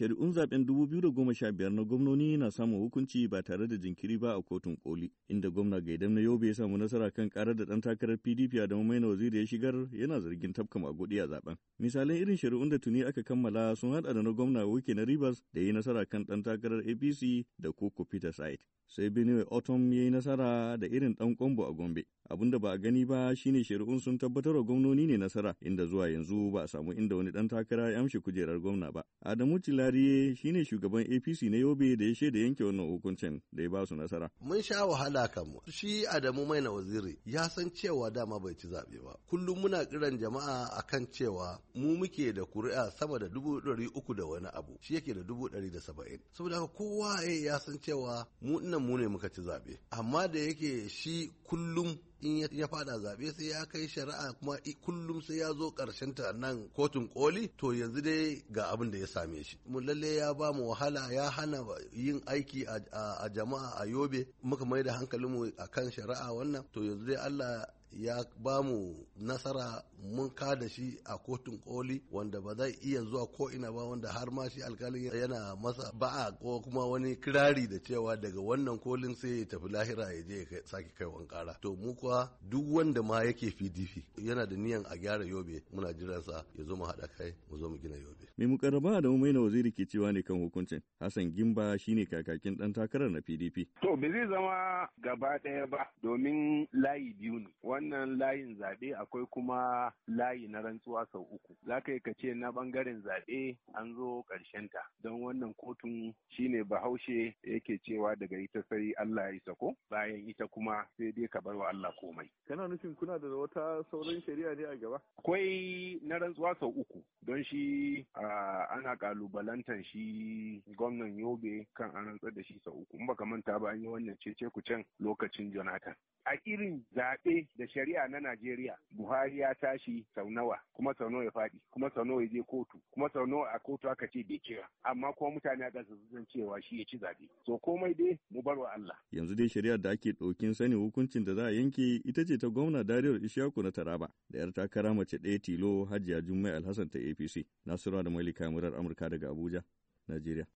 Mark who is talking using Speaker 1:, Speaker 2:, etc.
Speaker 1: shari'un zaben 2015 na gwamnoni na samun hukunci ba tare da jinkiri ba a kotun koli inda gwamna gaidam na yobe ya samu nasara kan karar da dan takarar pdp a dama na waziri ya shigar yana zargin tafka magudi a zaben misalan irin shari'un da tuni aka kammala sun hada da na gwamna wuke na rivers da yi nasara kan dan takarar apc da koko peter side sai Benue Otom ya yi nasara da irin ɗan kwambo a Gombe. Abin da ba a gani ba shine shari'un sun tabbatar wa gwamnoni ne nasara inda zuwa yanzu ba a samu inda wani ɗan takara ya amshi kujerar gwamna ba. Adamu Tilariye shine shugaban APC na Yobe da ya shaida yanke wannan hukuncin da ya ba su nasara.
Speaker 2: Mun sha wahala
Speaker 1: kanmu. Shi Adamu mai na waziri
Speaker 2: ya san cewa dama bai ci zaɓe ba. Kullum muna kiran jama'a akan cewa mu muke da kuri'a sama da dubu ɗari uku da wani abu. Shi yake da dubu ɗari da saba'in. Saboda haka kowa ya san cewa mu ina mu ne muka ci zaɓe amma da yake shi kullum in ya fada zaɓe sai ya kai shari'a kuma kullum sai ya zo karshen ta nan kotun koli to yanzu dai ga abin da ya same shi mu lalle ya ba mu wahala ya hana yin aiki a jama'a a yobe muka mai da hankalinmu akan shari'a wannan to yanzu dai Allah ya ba mu nasara mun da shi a kotun koli wanda ba zai iya zuwa ko ina ba wanda har ma shi alkalin yana masa ba'a ko kuma wani kirari da cewa daga wannan kolin sai ya tafi lahira ya je ya sake kai wankara to mu kuwa kasuwa duk wanda ma yake PDP yana da niyan a gyara Yobe muna jiransa ya zo mu haɗa kai mu zo mu gina Yobe.
Speaker 1: Mai mukarraba da na Waziri ke cewa ne kan hukuncin Hassan Gimba shine kakakin dan takarar na PDP.
Speaker 3: To ba zai zama gaba ɗaya ba domin layi biyu ne. Wannan layin zaɓe akwai kuma layi na rantsuwa sau uku. Za ka yi ka ce na bangaren zaɓe an zo ta don wannan kotun shine bahaushe yake cewa daga ita sai Allah ya isa ko bayan ita kuma sai dai ka bar wa Allah komai.
Speaker 1: Kana nufin kuna da wata sauran shari'a ne a gaba?
Speaker 3: Akwai na rantsuwa sau uku don shi ana kalubalantan shi gwamnan Yobe kan an rantsar da shi sau uku. In baka manta ba an yi wannan cece can lokacin Jonathan. a irin zaɓe da shari'a na Najeriya Buhari ya tashi sau nawa kuma sau nawa ya faɗi kuma sau nawa ya je kotu kuma sau nawa a kotu aka ce bai kira amma kuma mutane a ƙasa sun cewa shi ya ci zaɓe so komai dai mu bar wa Allah
Speaker 1: yanzu dai shari'ar da ake ɗaukin sani hukuncin da za a yanke ita ce ta gwamna Dariyar Ishaku na Taraba da 'yar takara mace ɗaya tilo Hajiya Jummai Alhassan ta APC. Nasiru da Malika Murar Amurka daga Abuja, Najeriya.